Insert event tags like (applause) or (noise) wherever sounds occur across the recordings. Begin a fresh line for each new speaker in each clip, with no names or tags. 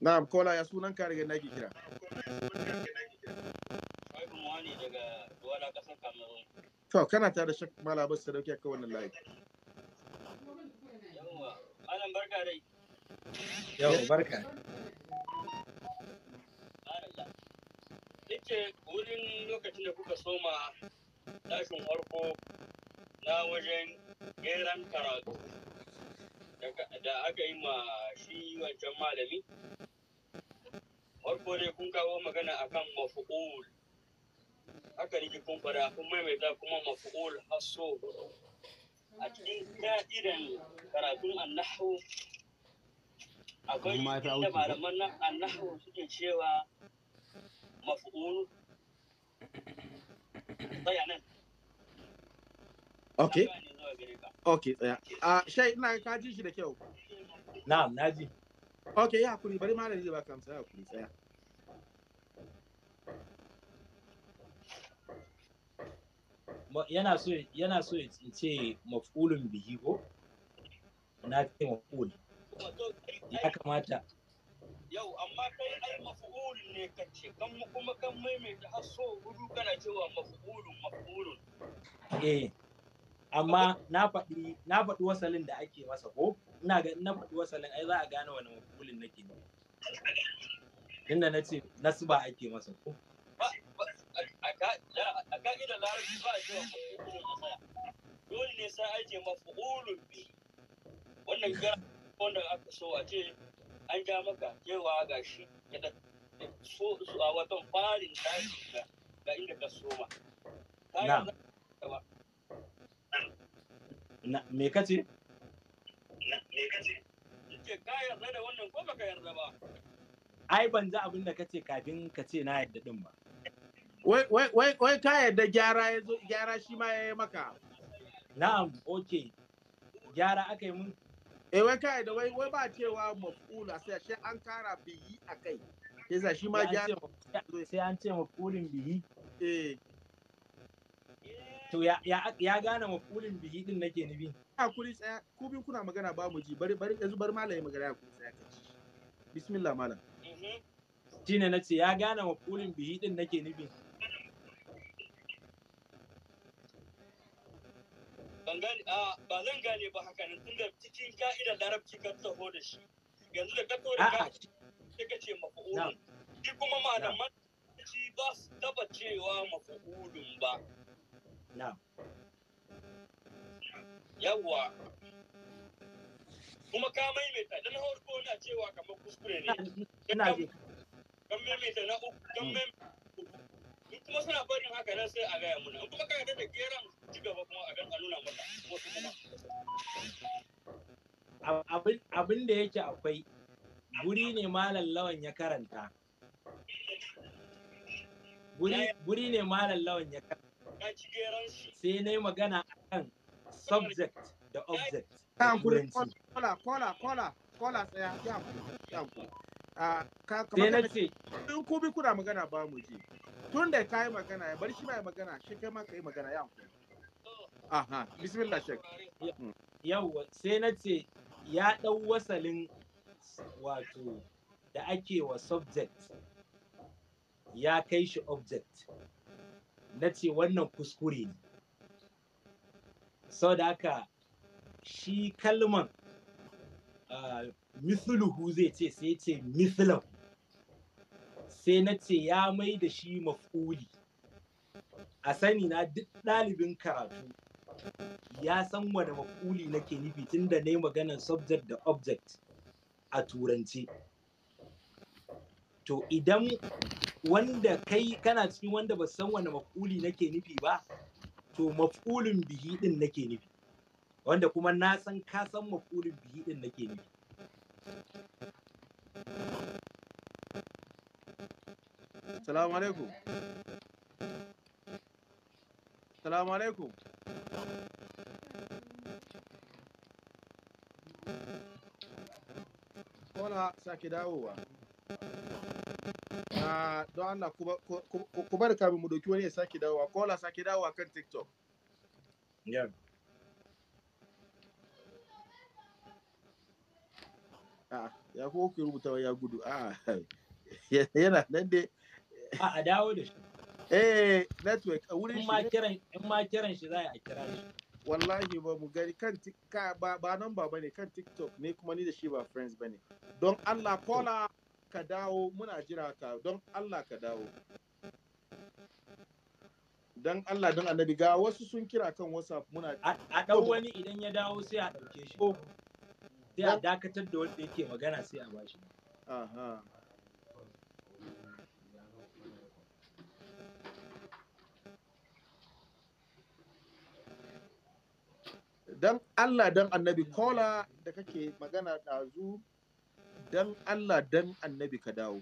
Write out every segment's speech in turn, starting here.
Na'am, kola ya sunan ka daga nake kira. To, kana tare da shak mala su ta dauke ka wannan layi.
Malam barka dai.
Yau, barka.
Nake wurin lokacin da kuka soma tashin farko na wajen geran karatu. da aka yi ma shi wancan malami farko dai kun kawo magana akan mafu'ul haka nake kun fara kun maimaita kuma mafu'ul hasso a cikin ka'idan karatun annahu akwai inda malaman annahu suke cewa
mafu'ul Okay. Ok, da ya bari zai baka amsa tsaya. yana
so yana so ya ce maf'ulun bihi ko na ce maf'ul ya kamata
yau amma kai ai maf'ul ne ka ce kan kuma kan maimaita har so gudu kana cewa maf'ulun maf'ulun
eh amma na faɗi na faɗi wasalin da ake masa ko ina ga na faɗi wasalin ai za a gane wani mafulin nake ne tunda na ce ake masa ko a ka'idar larabci ba a ce
dole ne sai ake mafulun bi wannan gara wanda aka so a ce an ja maka cewa ga shi ya so a watan farin tashi ga inda ka soma.
Na. me kace me
kace ka yarda da wannan ko baka yarda ba
ai ban ji abin da kace kafin ka
ce na yarda din ba wai ka yarda gyara ya zo gyara shi ma ya yi maka na'am okay gyara aka yi mun eh wai ka yarda wai wai ba cewa maf'ula sai shi an kara biyi akai sai shi ma gyara sai an ce maf'ulin biyi eh To ya ya gane mafulin bihi din nake nufi. a kuri tsaya ku bin kuna magana ba mu ji bari bari yanzu bar malami magana ya kuri tsaya Bismillah malam. Mm-hmm. Shine na ce ya gane
mafulin bihi din nake nufi.
ba zan gane ba haka nan tunda cikin ka'idar larabci ka taho da shi yanzu da ka taho da ka'idar sai ka ce mafa'ulun shi kuma malaman shi ba su taba cewa mafa'ulun ba yawwa kuma ka maimaita don harko na cewa kamar kuskure ne don maimaita na uku don mm. maimaita in kuma suna barin haka nan sai a gaya muna in kuma ka da geran ci gaba kuma a gan nuna muna wasu
kuma abin da yake akwai guri ne malam lawan ya karanta guri ne malam lawan ya karanta sai na yi magana akan subject da object sai na
ce ya bar
hmm. sai na ce ya ɗau wasalin wato da ake wa subject ya kai shi object na ce wannan kuskure ne sau da haka shi kalman ah, misluhu zai ce sai ce mithlahu sai na ce ya mai da shi maf'uli a sani na duk ɗalibin karatu ya san wani maf'uli nake nufi tun da na yi maganar subject da object a turance to idan wanda kai kana cikin wanda ba san wani maf'uli nake nufi ba to maf'ulin bihi din nake nufi wanda kuma na san ka san maf'ulin bihi din nake nufi
Salamu alaikum. Salamu alaikum. Kola sake dawowa. Ah, don Allah ku bar kamin mu doki wani ya sake dawowa kola sake dawowa kan tiktok ya ah, ko ke rubuta ya gudu ah, yana nan dai a dawo da shi eh network a wurin shi
in ma kiran shi za a
kira shi wallahi ba mu gani kan ba nan ba bane kan tiktok ne kuma ni da shi ba friends bane don Allah kola ka dawo muna jira ka don Allah ka dawo dan Allah dan annabi ga wasu sun kira kan WhatsApp muna a dau wani idan ya dawo sai a dauke shi oh. sai a dakatar
da wanda yake magana sai a bashi
aha dan Allah dan annabi kola da kake magana ɗazu dan Allah dan annabi ka dawo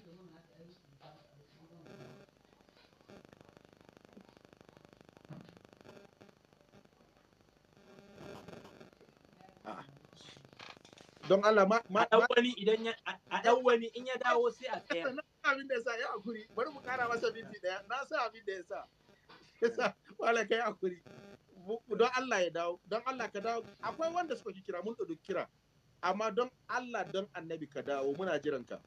don Allah ma ma dan wani idan ya a dan wani in ya dawo sai a tsaya na abin da yasa ya hakuri bari mu kara masa minti daya na sa abin da yasa yasa wala kai hakuri don Allah ya dawo don Allah ka dawo akwai wanda suka kira mun da kira amma don Allah don annabi ka dawo muna jiran ka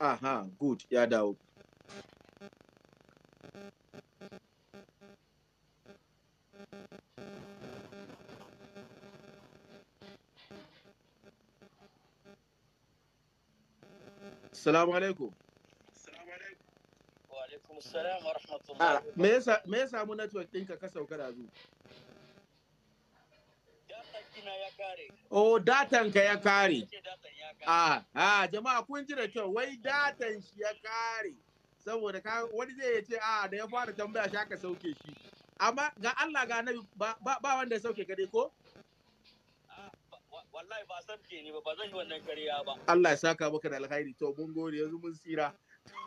aha good ya dawo Salamu alaikum.
alaikum salam wa ah, me yasa
samu mu network ɗinka ka sauka da zu Oh, datan ka ya kare. Ah, ah, jama'a kun ji da kyau, wai datan shi ya kare. Saboda ka wani zai ce a ah, da ya fara tambaya shi aka sauke shi. Amma ga Allah ga nabi ba ba wanda ya sauke ka dai ko?
Ah, wallahi ba san ke ni ba, ba zan yi wannan kariya ba. Allah ya saka maka da
alkhairi. To mun gode yanzu mun tsira.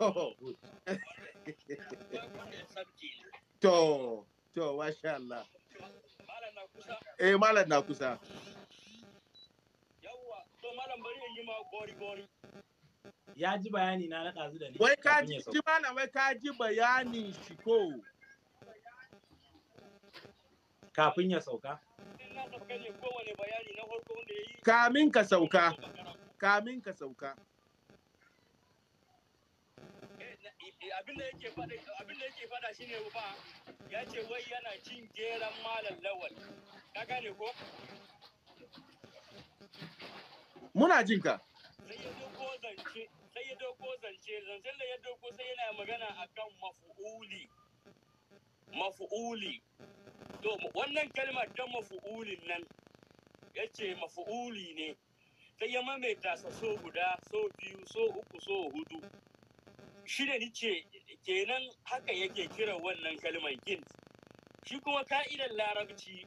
(laughs) (laughs) To, to, masha Allah. Malam na kusa? Eh, malam na kusa.
yawa to malam bari in yi ma gori-gori.
Ya ji bayani na na ɗazu da ni. Wai ka ji malam, wai ka ji bayanin shi ko. Kafin ya sauka. Kamin ka sauka. Kamin ka sauka.
Eh, abin da yake faɗa abin da yake faɗa shine ba ya ce wai yana cin jeran malam lawal ka gane ko
muna jin ka sai ya doko zance sai ya doko
zance zancen da ya doko sai yana magana akan mafu'uli mafu'uli to wannan kalmar ta mafu'ulin nan ya ce mafu'uli ne sai ya mamaita sa so guda so biyu so uku so hudu shi da nice kenan haka yake kiran wannan kalmar gint shi kuma ka'idar larabci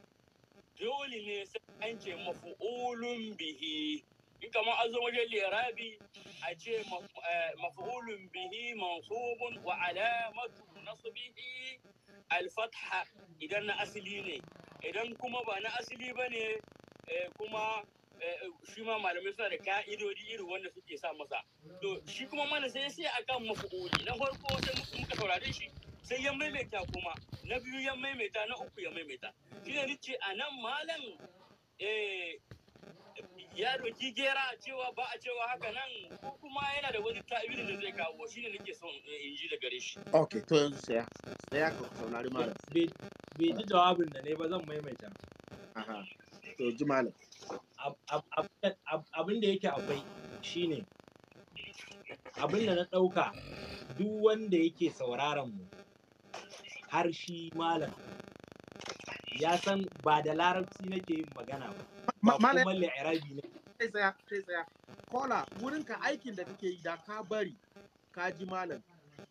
dole ne sai an ce mafu'ulun bihi in kama an zo wajen lirabi a ce eh, mafu'ulun bihi mansubun wa alamatu nasbihi alfatha idan na asili ne idan kuma ba na asili ba ne eh, kuma Eh, eh, shi ma malamai suna da ka'idodi irin wanda suke sa masa to shi kuma mana sai sai kan mafu'uli na farko sai muka saurare shi sai ya maimaita kuma na biyu ya maimaita na uku ya maimaita shi ne ce a nan malam eh, ya doki gera cewa ba a cewa haka nan ko kuma yana da wani ta'ibirin da zai kawo shi ne nake son in ji da gare shi. ok
to yanzu saya
saya ka saurari malam. bai ji jawabin da ne ba zan maimaita. aha to ji malam. abin da yake akwai shine abin da na ɗauka duk wanda yake sauraron mu har shi malam ya san ba da larabci nake yin magana ba ba kuma la'irabi ne
kai tsaya kai tsaya kola wurinka aikin da kake yi da ka bari ka ji malam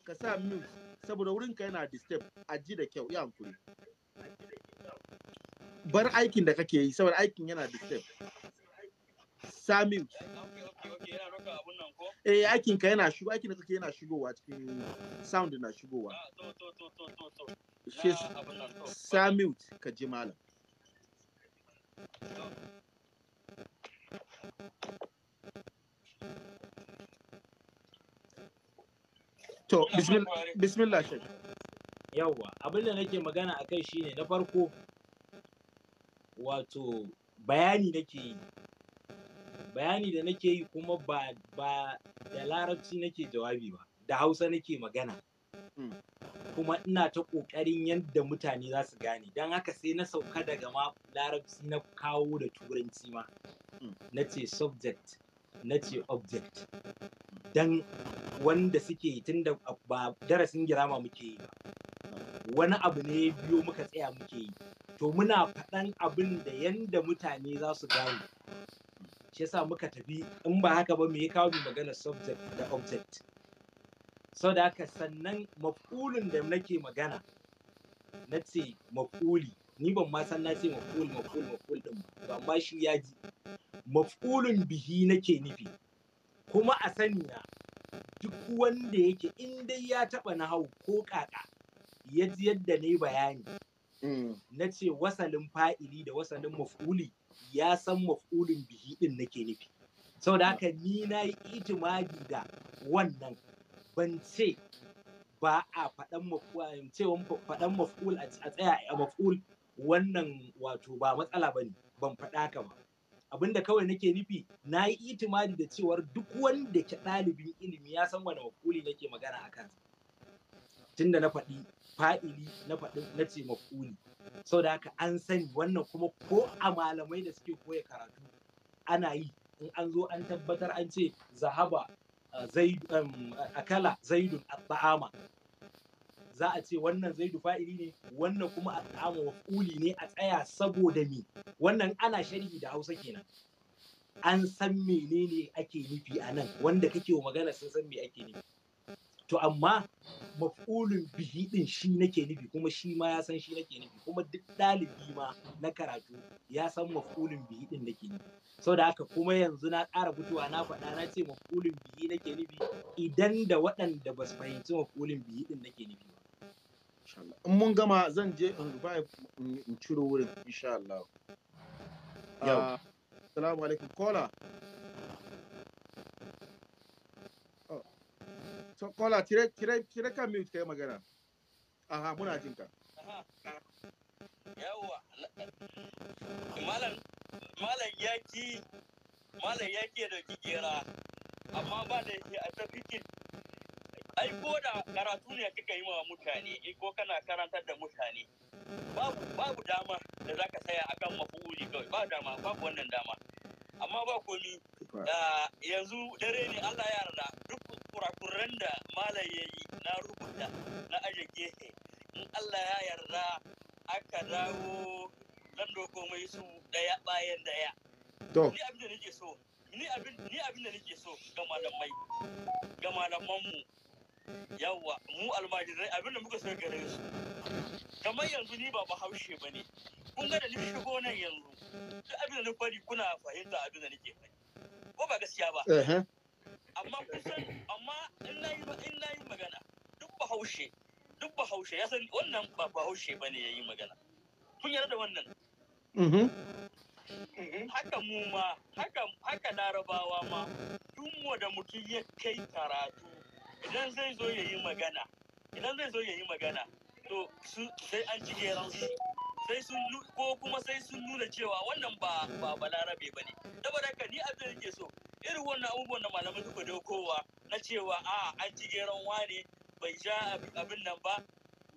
ka sa mute saboda wurinka yana disturb a ji da kyau ya hankuri bar aikin da kake yi saboda aikin yana disturb Samiu. Eh, eh aikin ka yana shigo aikin ka yana shigowa cikin sound na shigowa. Ah, Samiu ka ji malam. To, bismillah shek.
Yawwa, abin da nake magana akai shine na farko, wato bayani nake yi bayani da nake yi kuma ba ba da larabci nake jawabi ba da hausa nake magana hmm. kuma ina ta ƙoƙarin yadda mutane za su gane don haka sai na sauka daga ma larabci na kawo da turanci ma hmm. na ce subject na ce object hmm. don wanda suke tun da ba darasin girama muke yi ba wani abu ne ya biyo muka tsaya muke yi to muna faɗan abin da yadda mutane za su gane shi yasa muka tafi in ba haka ba me ya kawo magana subject da object sau haka sannan maf'ulin da nake magana na ce maf'uli ni ban ma san na ce maf'ul din ba amma shi ya ji maf'ulin bihi nake nufi kuma a sani na duk wanda yake in dai ya taɓa na hau ko kaka ya ji yadda na yi bayani mm. na ce wasalin fa'ili da wasalin maf'uli ya san maf'ulin bihi din nake nufi saboda haka ni na yi da wannan ban ce ba a faɗan maf'ul cewa faɗan maf'ul a tsaya a maf'ul wannan wato ba matsala ba ne ban faɗa ka ba abinda kawai nake nufi na yi itimadi da cewar duk wanda ke ɗalibin ilimi ya san wani maf'uli nake magana a kansa tunda na faɗi fa'ili na faɗin na ce ne sau da haka an sani wannan kuma ko a malamai da suke koya karatu ana yi in an zo an tabbatar an ce zahaba um, akala zaidun ba'ama za a ce wannan zaidu fa'ili ne wannan kuma wa mafuli ne a tsaya saboda me wannan ana sharhi da hausa kenan an san menene ake nufi a nan wanda kake wa magana sun san me ake nufi to amma makulin bihi din shi nake nufi kuma shi ma ya san shi nake nufi kuma duk dalibi ma na karatu ya san makulin bihi din nake nufi saboda haka kuma yanzu na ƙara mutuwa na faɗa na ce makulin bihi
nake nufi idan da waɗanda ba su fahimci makulin bihi din nake nufi ba in mun gama zan je in ba in ciro wurin insha Allah. Yau. Ah, Assalamu alaikum kola. kola tire tire tire kan mute kai magana. Aha, muna jin ka.
Yawa Malam malam yaki malam yaki ya dauki Amma ba da yake a tafikin ai ko da karatu ne kika yi wa mutane ko kana karantar da mutane babu babu dama da zaka saya akan mafuuli kawai ba dama babu wannan dama amma ba komi ah, yanzu dare ne Allah ya yarda duk kurakuran da malam ya yi na rubuta na aje gehe in Allah ya yarda aka dawo nan doko mai su daya bayan daya To. ni abin da nake so ni abin ni abin da nake so ga malamai ga malaman mu yawa mu almajirai abin da muka so gare su kamar yanzu ni ba bahaushe bane
kun ga da ni shigo
nan yanzu duk abin da na fari kuna fahimta abin da nake fari ko ba gaskiya ba amma kusan amma in na yi magana duk bahaushe duk bahaushe ya san wannan ba bahaushe bane ya yi magana
kun yarda da wannan mm-hmm. Mm-hmm. haka mu ma
haka larabawa ma duk da mutum ya kai karatu idan zai zo ya yi magana idan zai zo ya yi magana to sai an ci su. sai sun ko kuma sai sun nuna cewa wannan ba ba balarabe ba ne saboda haka ni abin da ke so irin wannan abubuwan da malamai suka daukowa na cewa a an ji geron wane bai ja abin nan ba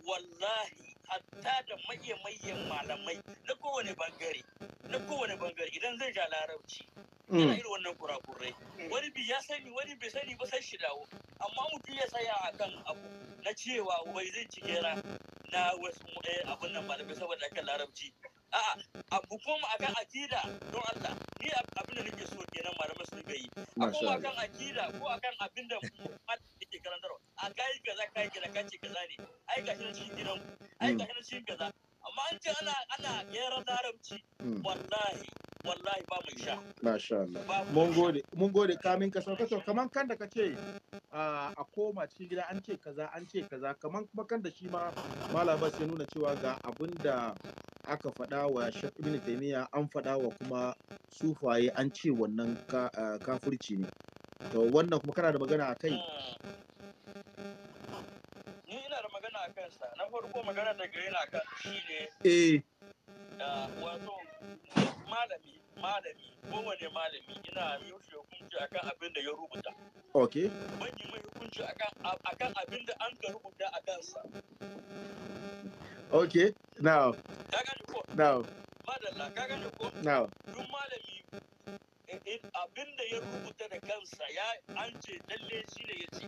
wallahi hatta da maye malamai na kowane bangare na kowane bangare idan zai ja larabci mm. yana irin wannan kurakurai wani bi ya sani wani bai sani ba sai shi dawo amma mutum ya tsaya akan abu na cewa wai zai ci gera na wasu eh, abin nan malamai saboda akan larabci a'a a hukuma akan akida don Allah ni abin da nake so kenan malamai su ga yi a kuma akan akida ko akan abin da yake karantarwa a kai kaza kai kaza kace kaza ne ai ga shi cikin gidan ai hmm. ga shi cikin kaza amma an ce ana ana gera larabci hmm. wallahi
wallahi ba mai sha masha Allah mun gode mun gode kamin ka sauka to kaman kan da kace a koma ci gida an ce kaza an ce kaza kaman kuma kan da shi ma malama sai nuna cewa ga abinda aka faɗa wa Sheikh Ibn Taymiyyah an faɗa wa kuma sufaye an ce wannan kafirci ne to wannan kuma kana da magana a kai ah.
ni ina da magana a kansa na farko magana da na
kan shi ne eh. ah, wato malami malami kowane malami ina yaushe hukunci akan abin da ya rubuta ban yi mai hukunci akan
abin da an ka rubuta a kansa
ok now ka gane ko now madalla ka gane ko now duk malami
eh, eh, abin da ya rubuta da kansa ya an ce lalle shi ne ya ce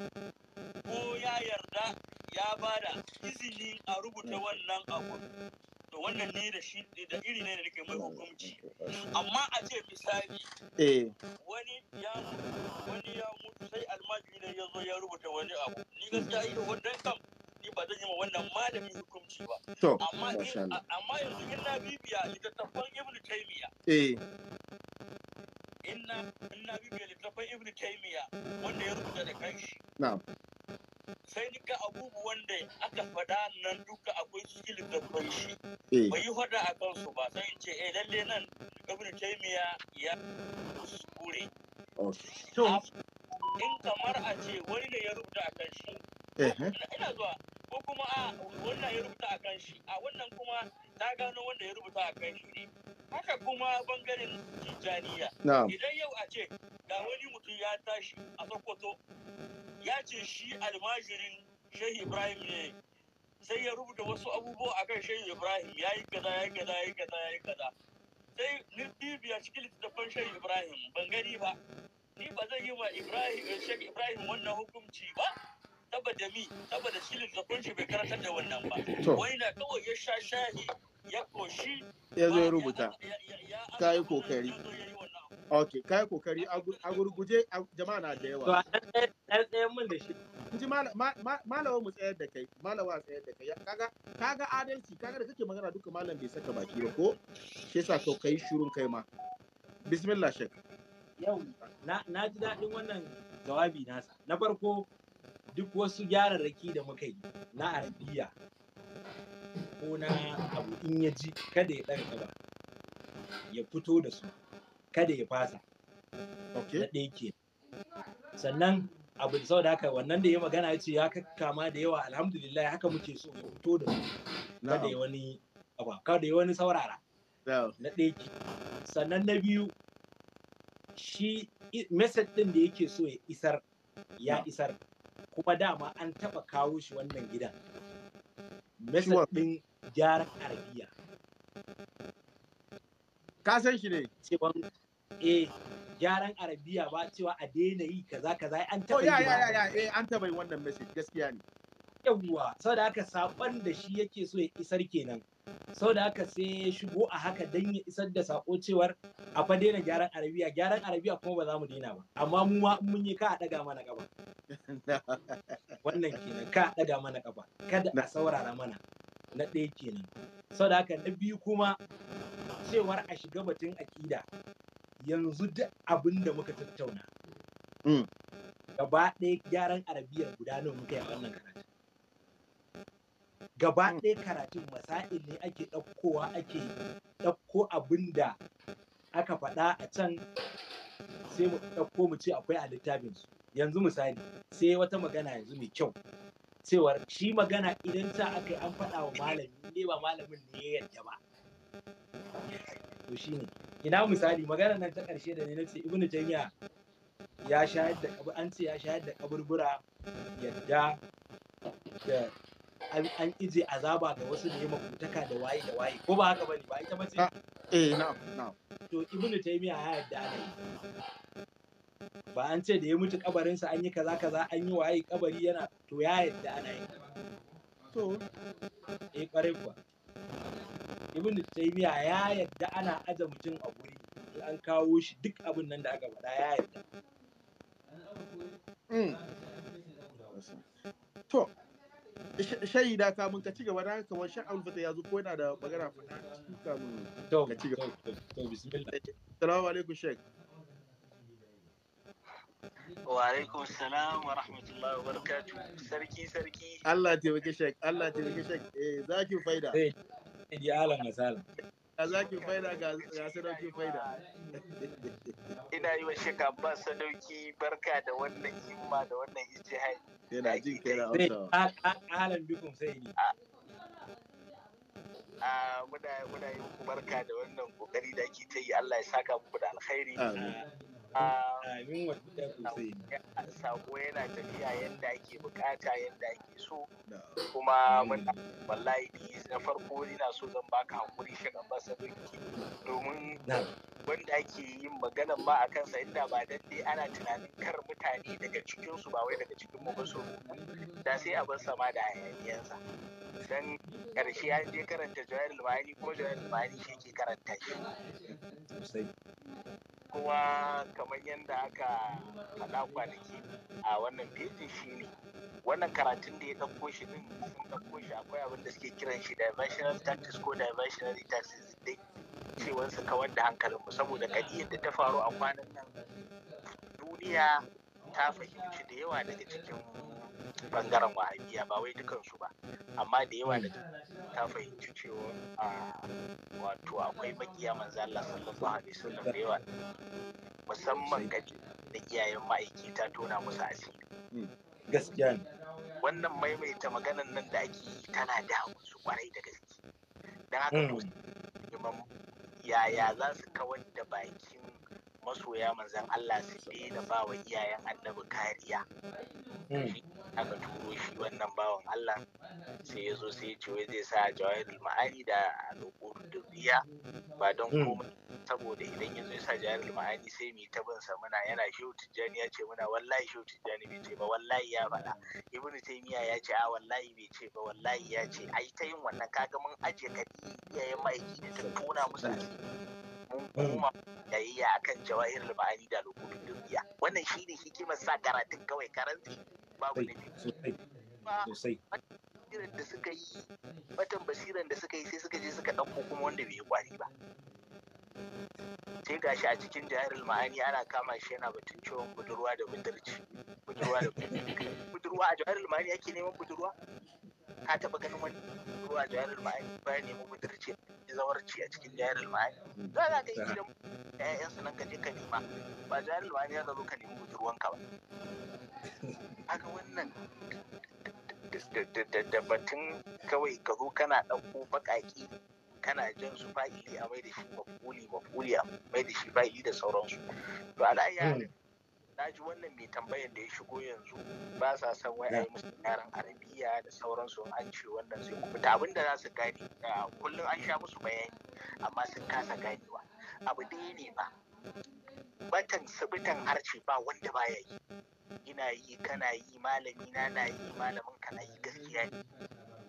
ko ya yarda ya bada izini a rubuta wannan abu to wannan ne da shi da iri ne da nake mai hukunci amma a ce misali
eh. wani
ya wani ya mutu sai almaji ne ya zo ya rubuta wani abu ni gaskiya
ido wannan kam ni ba zan yi wa wannan malamin hukunci ba amma amma yanzu in na bibiya littattafan ibn taymiya eh in
na bibiya littattafan ibn taymiya wanda ya rubuta da kanshi na'am sai duka abubuwan da aka faɗa nan duka akwai cikin da shi eh. bai yi faɗa a kansu ba sai ce eh lalle nan abin taimiya ya kuskure oh, in kamar a ce wani ne ya rubuta a kan shi eh, eh. ina zuwa ko kuma a wannan ya rubuta a kan shi a wannan kuma ta gano wanda ya rubuta a kan shi ne haka kuma bangaren tijjaniya idan yau a ce da wani mutum ya tashi a sokoto ya ce shi almajirin shehu ibrahim ne sai ya rubuta wasu abubuwa a kan shehu ibrahim ya yi kaza ya yi kaza ya yi kaza ya yi kaza sai ni bibiya cikin littattafan shehu ibrahim ban gani ba ni ba zan yi wa ibrahim eh, shehu ibrahim wannan hukunci ba saboda mi saboda shi littattafan shi bai karantar da wannan ba
wai na kawai ya sha shahi ya koshi ya zo ya rubuta ka yi kokari ok ka yi kokari a gurguje jama'a na da yawa ɗaya mun da shi ji malawa mu tsayar da kai malawa tsayar da kai kaga kaga adalci kaga da kake magana duka malam bai saka baki ba ko shi yasa to kai shurun kai ma bismillah shek yau na ji daɗin wannan jawabi nasa
na farko duk wasu gyararraki da muka yi na arabiya ko na abu in ya ji kada ya ɗan gaba ya fito da su kada ya fasa na ɗaya ke sannan abu sau da haka wannan da ya magana ya ce ya kama da yawa alhamdulillah haka muke so hoto da kada ya wani kada ya wani saurara na ɗaya sannan na biyu shi message ɗin da yake so ya isar ya isar kuma dama an taɓa kawo shi wannan gidan message ɗin gyaran arabiya ka san shi ne eh gyaran arabiya ba cewa a daina yi kaza kaza an taɓa oh, yi ba. Eh an taɓa yi wannan message gaskiya ne. Yawwa saboda haka saƙon da shi yake so ya isar kenan. Saboda haka sai ya shigo a haka don ya isar da sako cewar a fa daina gyaran arabiya gyaran arabiya kuma ba za mu daina ba amma mu ma mun yi ka a ɗaga mana gaba. (laughs) Wannan kenan ka a ɗaga mana gaba kada a saurara mana. na ɗaya kenan saboda haka na biyu kuma cewar a shiga batun aƙida yanzu duk abin da muka tattauna mm. gaba ɗaya gyaran arabiyar guda nawa muka yi a wannan karatu gaba mm. ɗaya karatun masa'il ne ake ɗaukowa ake ɗauko abin da aka faɗa a can sai mu ɗauko mu ce akwai a littafin su yanzu misali sai wata magana yanzu mai kyau cewar shi magana idan ta aka yi an faɗa wa malami ne ba malamin ne ya yarda ba to ne ina misali magana nan ta ƙarshe da ne na ce ibnu jami'a ya shayar da an ce ya shayar da kaburbura yadda da an ije azaba ga wasu da ya makutaka da waye da waye ko ba haka bane ba ita mace ah, eh na na to ibnu taymiya ya yadda da ba an ce da ya mutu kabarinsa an yi kaza kaza an yi waye kabari yana to ya yadda ana yi to eh kwarai kuwa ibn taymiya ya yadda ana aje mutum a guri in an kawo shi duk abin nan da aka faɗa ya yadda
hmm. to shaida kamun ka cigaba gaba da kamar sha'an fata ya zo ko yana da magana fata cikin kamun
ka cigaba to bismillah
assalamu eh, alaikum sheik
wa alaikum salam
wa rahmatullahi wa barakatuh sarki sarki Allah taimake shek Allah taimake shek eh zaki faida eh. iyalan misalin ga zaki faida ga sadauki faida
ina yi wa shaka ba sadauki barka da wannan himma da wannan ijtihadi yana jin kai na wata alan bikum sai ni muna muna yi muku barka da wannan kokari da ake ta yi Allah ya saka muku da alkhairi amin yana tafiya yadda ake bukata yadda ake so kuma muna wallahi na farko ina so zan baka hakuri shi kan basarinki domin wanda ake yin magana ba a kansa inda ba dan ana tunanin kar mutane daga cikinsu ba wai daga cikin mu ba so da sai a bar sama da hayaniyansa dan karshe an je karanta jawahir lumani kuma jawahir limani shi ke karanta shi Kuwa kamar yadda aka faɗa kwanaki a wannan feji shi ne wannan karatun da ya ɗauko shi ɗin sun ɗauko shi akwai abin da suke kiran shi diversional tactics ko diversionary tactics dai cewar su kawar da hankalinmu saboda kadiyar da ta faru a kwanan nan duniya ta fahimci da yawa daga cikin bangaren wahabiya ba wai dukansu ba amma da yawa da ta fahimci cewa wato akwai makiya manzo Allah sallallahu alaihi wasallam da yawa musamman ga da iyayen ma'aiki ta tona musu asiri hmm, gaskiya ne wannan maimaita maganan nan da ake yi tana da su kwarai da gaske dan haka hmm. to yaya za su kawar da bakin masoya manzan Allah su daina da bawa iyayen annabi kariya hmm. aka turo shi wannan bawan Allah sai ya zo sai ce zai sa jawahirul ma'ani da alƙur duriya ba don hmm. komai saboda idan ya zo ya sa jawahirul ma'ani sai mu ta bin sa muna yana shehu tijjani ya ce muna wallahi shehu tijjani bai ce ba wallahi ya faɗa ibnu taymiya ya ce a wallahi bai ce ba wallahi ya ce ai ta yin wannan kaga mun aje kadi iyayen ma'aiki da ta tona musu asiri mun koma mm. a kan jawahir ma'ani da lokacin duniya wannan shi ne hikimar sa karatun kawai karanti
babu na biyu
irin da suka yi batan basiran da suka yi sai suka je suka ɗauko kuma wanda bai yi kwari ba sai gashi a cikin jihar ma'ani ana kama shi yana batun ciwon budurwa da budurci budurwa da budurwa a jihar ma'ani ake neman budurwa ka taɓa ganin wani ruwa jayar ma'ani bayan nemi budurci ya zawarci a cikin jayar ma'ani za ka ga gidan ƴaƴan su nan ka je ka nema ba jayar ma'ani ya zo ka nemi budurwanka ba haka wannan da batun kawai ka zo kana ɗauko baƙaƙi kana jan su fa'ili a mai da shi mafuli mafuli a mai da shi fa'ili da sauransu to ala'ayyar na ji wannan mai tambayan da ya shigo yanzu ba sa son wai a yi musu yaran arabiya da sauransu an ce wannan sai ku fita abinda za su gane kullum an sha musu bayani amma sun kasa ganewa abu dai ne ba batan sabitan harce ba wanda baya yi ina yi kana yi malami na na yi malamin kana yi gaskiya ne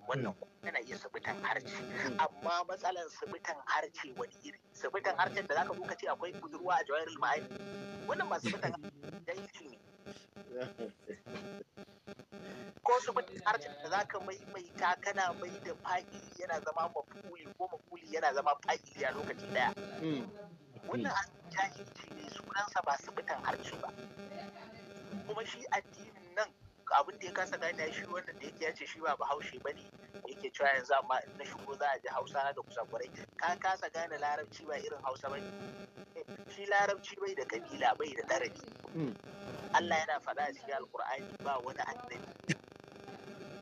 wannan yana iya sabitan harce amma matsalan sabitan harce wani iri sabitan harcen da zaka zo ka ce akwai budurwa a jawairul ma'ani wannan masu mutan yi ne (laughs) ko su mutu harshen da za ka maimaita kana mai da fa'ili yana zama mafuli ko mafuli yana zama fa'ili a lokaci daya hmm. wannan jahilci ne sunansa ba su mutan harshe ba kuma shi addinin nan abin da ya kasa gane shi wannan da yake yace shi ba bahaushe ba ne yake cewa yanzu amma na shigo za a ji hausa na da kusa kwarai ka kasa gane larabci ba irin hausa ba ne shi larabci bai da kabila bai da darabi hmm. Allah yana faɗa a cikin alkur'ani ba wani annabi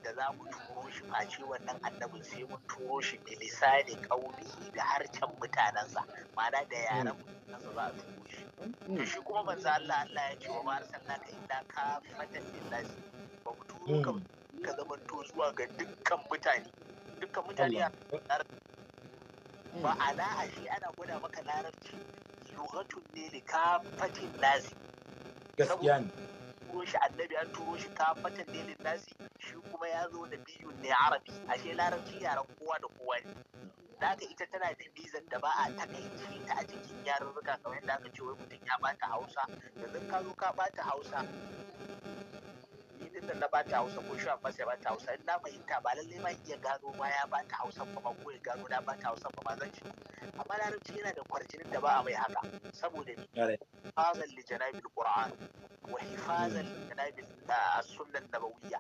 da za mu turo shi face wannan annabin sai mun turo shi lisani kauli da harcen mutanensa ma'ana da yaran mutanensa za a turo shi to hmm. shi kuma manzo Allah Allah ya ce wa ma arsalnaka illa kafatan lillahi ba mu turo ka hmm. ka zama to zuwa ga dukkan mutane dukkan mutane a ba ala a shi ana gwada maka larabci lughatun ne li kafatin nasi gaskiya ne turo shi annabi an turo shi kafatan ne nasi shi kuma ya zo da biyu ne arabi ashe larabci yaran kowa da kowa ne zaka ita tana da bizan da ba a takaice ta a cikin yarurruka kamar yadda aka ce wai mutum ya bata hausa yanzu ka zo ka bata hausa nan na ta hausa ko shi sai ba ta hausa na fahimta ba lallai ma iya gano ma ya ba ta hausa ba ko ya gano na ta hausa ba ma zan shi amma larabci yana da kwarjinin da ba a mai haka saboda ni fazal li janabil qur'an wa hifazan li hmm. janabil ah, sunnan nabawiyya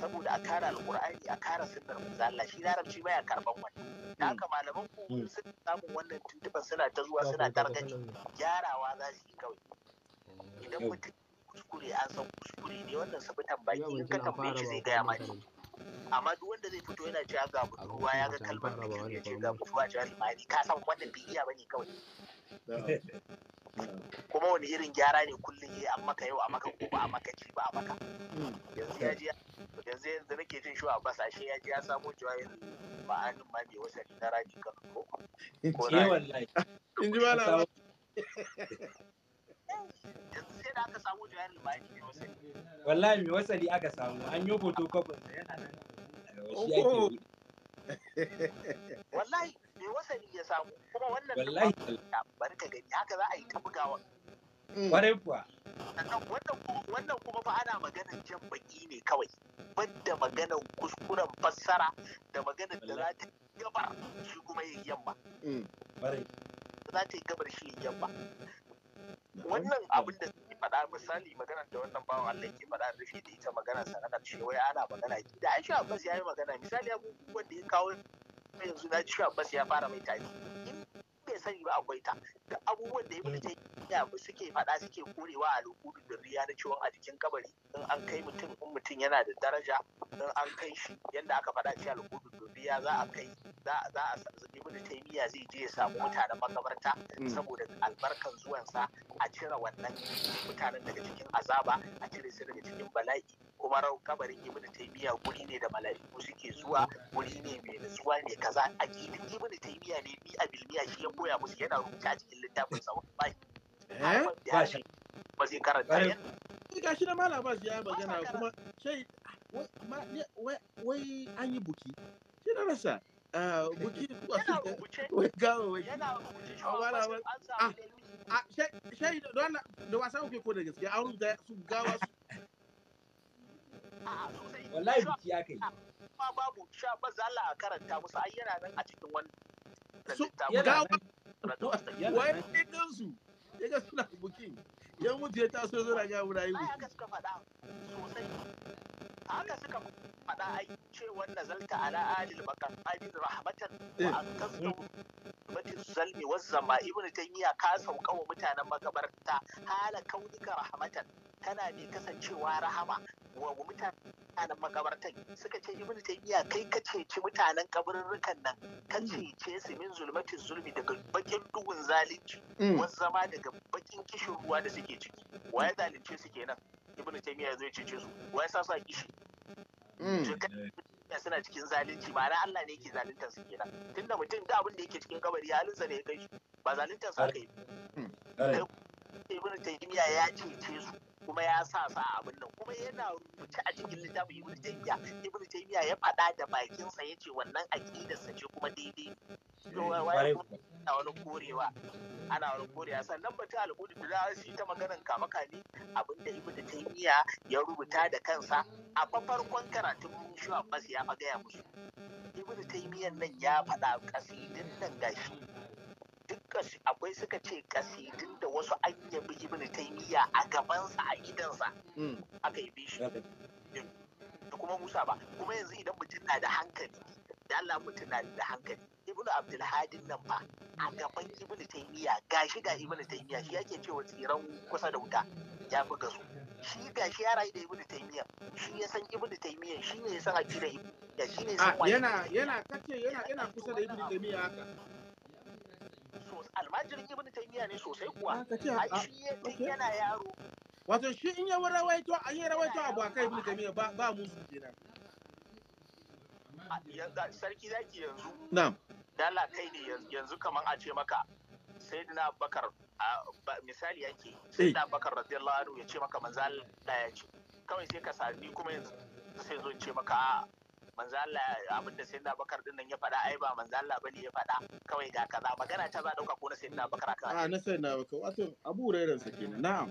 saboda a kara alqur'ani a kara sunnar manzo Allah shi larabci baya karban wani da haka hmm. malaman ku hmm. sun samu wannan tuntuban suna ta zuwa suna targaci gyarawa za su yi kawai idan mutum kuskure an san kuskure ne wannan sabu baki in ka tambaye shi zai gaya maki amma duk wanda zai fito yana cewa ga budurwa ya ga kalmar da ya ce ga budurwa jari mani ka san wannan bai iya bane kawai (laughs) kuma wani irin gyara ne kullum yayi amma ka yau amma ka ko ba a maka ci ba amma maka yanzu ya ji yanzu yanzu nake jin shi ba sa shi ya ji ya samu cewa yanzu ba anin ma bai wasa na rabi kan ko (laughs) ko wallahi (laughs) in ji malama yanzu sai da aka samu jawayar libani mai wasali
wallahi me wasali aka samu an yi hoto kwabin sa
yana nan wallahi me wasali ya samu kuma wannan wallahi bari ka gani haka za a yi ta bugawa mm. kwarai kuwa wannan kuma fa ana maganar jan baki ne kawai banda maganar kuskuren fassara da maganar da za ta gabar shi kuma yayin yamma za ta yi gabar shi yayin yamma mm. wannan abin da zai faɗa misali magana da wannan bawan Allah ke faɗa shi da ita magana sana ƙarshe wai ana magana da Aisha Abbas ya yi magana misali abubuwan da ya kawo yanzu na Aisha Abbas ya fara mai tafi in bai sani ba akwai ta da abubuwan da ya ya Taymiyyah suke faɗa suke korewa a lokacin da riya na ciwon a jikin kabari in an kai mutum in mutum yana da daraja in an kai shi yanda aka faɗa a lokacin biya za a kai za a ibn taymiya zai je ya samu mutane makabarta mm. saboda albarkan zuwansa a cire wannan mutanen daga cikin azaba a cire su daga cikin bala'i kuma rau kabarin ibn taymiya guri ne da mala'iku suke zuwa guri ne mai nutsuwa ne kaza a gidan ibn taymiya ne bi a bilmiya shi ya koya musu yana rubuta a cikin littafin sa eh? ba shi ba zai karanta
ga shi eh, na malama shi ya magana kuma shai wai an yi buki kina rasa eh, buki wai gawo wai yana rubuce ah, wala a shai da wannan da wasa kuke ko da gaske an rubuta su gawa su ah, wallahi biki aka yi
ma babu sha ba za a karanta musu ai yana nan a cikin
wannan gawa wai ɗin su ya ga suna bukin ya mutu ya taso zura ga wurayi haka
suka faɗa sosai haka suka faɗa. faɗa ai cewar nazalta ala adil maqamin rahmatan wa eh. anqadhu batil zalmi wa zama ibn taymiya ka sauka wa mutanen magabarta hala kaunika rahmatan kana ne kasancewa rahama wa mutanen magabartan suka ce ibn taymiya kai ka ceci mutanen kabarurrukan nan ka hmm. cece su min zulmatin zulmi daga bakin duhun zalunci hmm. wa zama daga bakin kishin ruwa da suke ciki wa ya zalunce su kenan ibnu taymiya zai cece su wa ya sa su a kishi Mm. suna cikin zalunci ba na Allah ne yake zaluntar su kenan tunda mutum da abin da yake cikin kabari halinsa ne ya kai shi ba zaluntar su aka yi
mm.
ibn taymiya ya cece su kuma ya sa sa abin nan kuma yana rubuce a cikin littafin ibn taymiya ibn taymiya ya faɗa da bakin sa yace wannan aqidar ce kuma daidai
eh,
ana wani korewa ana wani korewa sannan batun al'udu da za su yi ta maganan kamakani abinda ibn taymiya ya rubuta da kansa a farkon karatun a bas ya fa gaya musu ibnu taymiyan nan ya faɗa kasidin nan gashi dukkan akwai suka ce kasidin da wasu an yabi ibnu taymiya a gabansa a gidansa hmm. aka yi bishi da kuma musa ba kuma yanzu idan mutum na da hankali da Allah mutum na da hankali ibnu abdulhadin nan ba a gaban ibnu taymiya gashi ga ibnu taymiya shi yake cewa tsiran kusa da wuta ya buga su shi ga shi ya rayu da ibnu taymiya shi ya san ibnu taymiya shi ne ya san aqida ibnu shi ne san ah, wani yana yana kace yana
yana kusa da ibnu taymiya haka
so almajirin ibnu taymiya
ne sosai kuwa ah, ah, ai
shi yana yaro
wato shi in ya rawaito an yi rawaito abu akai ibnu taymiya ba ba mu su kenan
sarki zaki yanzu na'am dala kai ne yanzu kaman a ce maka sayyidina abubakar misali yake eh. sayyidina abubakar radiyallahu anhu ya ce maka manzal daya ce kawai sai ka sami kuma yanzu sai zo ce maka manzo Allah abin da sayyidina Bakar din nan ya faɗa ai ba manzo Allah bane ya faɗa kawai ga kaza magana ta za dauka ko na sayyidina Bakar akan a ah,
na sayyidina Bakar wato Abu Hurairah sa kenan na'am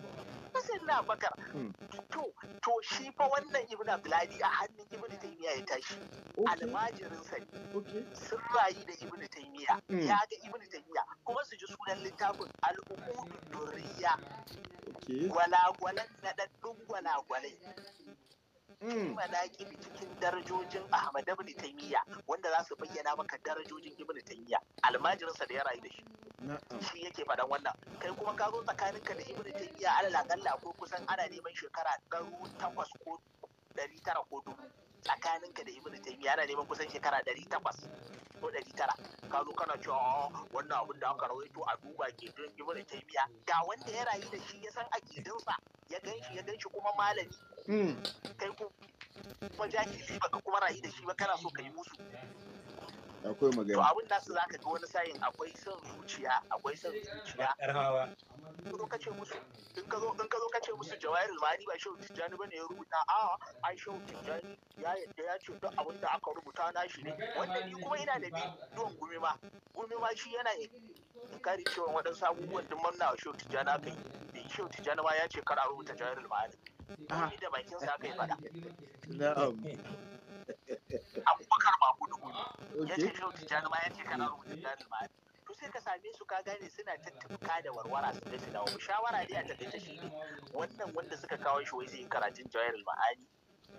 na sayyidina Bakar hmm. to to shi fa wannan Ibn Abdullahi a hannun Ibn Taymiyyah ya tashi almajirin sa ne sun rayu da Ibn Taymiyyah hmm. ya ga Ibn Taymiyyah kuma su ji sunan littafin al-uqud durriya gwalagwalan na daddun gwalagwalai Mm. madaƙin cikin darajojin Ahmad ibn Taymiyyah wanda za su bayyana maka darajojin ibn Taymiyyah almajirinsa da ya rayu da
shi shi
yake faɗan wannan kai kuma ka zo tsakaninka da ibn Taymiyyah Allah kalla ko kusan ana neman shekara ɗaru takwas ko ɗari tara ko dubu tsakaninka da ibn taymiya ana neman kusan shekara ɗari takwas ko ɗari tara ka zo kana cewa oh, wannan abin da aka rawaito a duba ke don ibn taymiya ga wanda ya rayu da shi ya san akidinsa ya gan shi ya gan shi kuma malami Hmm. kai kuma jahili ba ka kuma rayu da shi ba kana so ka yi musu
akwai magana to abin
nasu za ka ga wani sayin akwai son zuciya akwai son zuciya in ka ce musu in ka zo in ka zo ka ce musu jawahir mani ba shehu tijjani bane ya rubuta a ai shehu tijjani ya yadda ya ce duk abin da aka rubuta na shi ne wanda ni kuma ina da bidiyon gumi ma gumi ma shi yana kare cewa waɗansu abubuwan duk mamna shehu tijjani aka yi shehu tijjani ma ya ce kar a rubuta jawahir mani Komi da bakin sa aka yi faɗa. Na'am. Abubakar ba kudu gudu. Ya ce shehu tijjani ma ya ce kana rubuta tijjani ma. To sai ka same su ka gane suna tattafka da warwara su kai su Shawara dai a takaita shi ne. Wannan wanda suka kawo shi wai zai yi karatun jawayar ma'ani.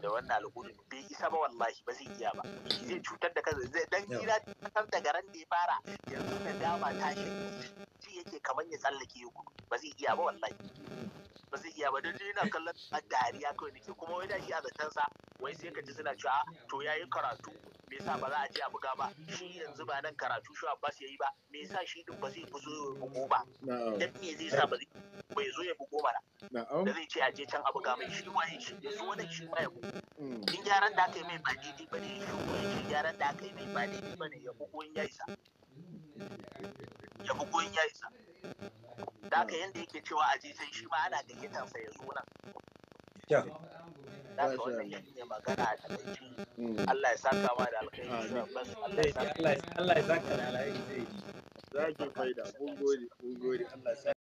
da wannan alƙurin bai isa ba wallahi ba zai iya ba zai cutar da kansa zai dan gida san daga ran da ya fara yanzu da dama ta shi ji yake kamar ya tsallake ya gudu ba zai iya ba wallahi ba zai iya ba don yana kallon a dariya kawai nake kuma wai dashi shi a zatansa wai sai ka ji suna cewa ah, to yayi karatu me yasa ba za a je a buga ba shi yanzu ba nan karatu shi Abbas yayi ba me yasa shi din ba zai buzo ya bugo ba dan me zai sa ba zai ba zo ya bugo ba. da zai ce a je can a buga mai shi ma shi ya zo shi ma ya bugo mm. in gyaran da aka yi mai ba daidai ba ne shi ko shi gyaran da aka yi mai ba daidai ba ne ya bugo in ya isa ya bugo in ya isa da aka yanda yake cewa a je can shi ma ana gayyatar sa ya zo nan
da wannan shi ne magana a takaici mm. Allah ya saka ma da alkhairi Allah ya saka da alkhairi zaki faida mun gode mun gode Allah
ya saka.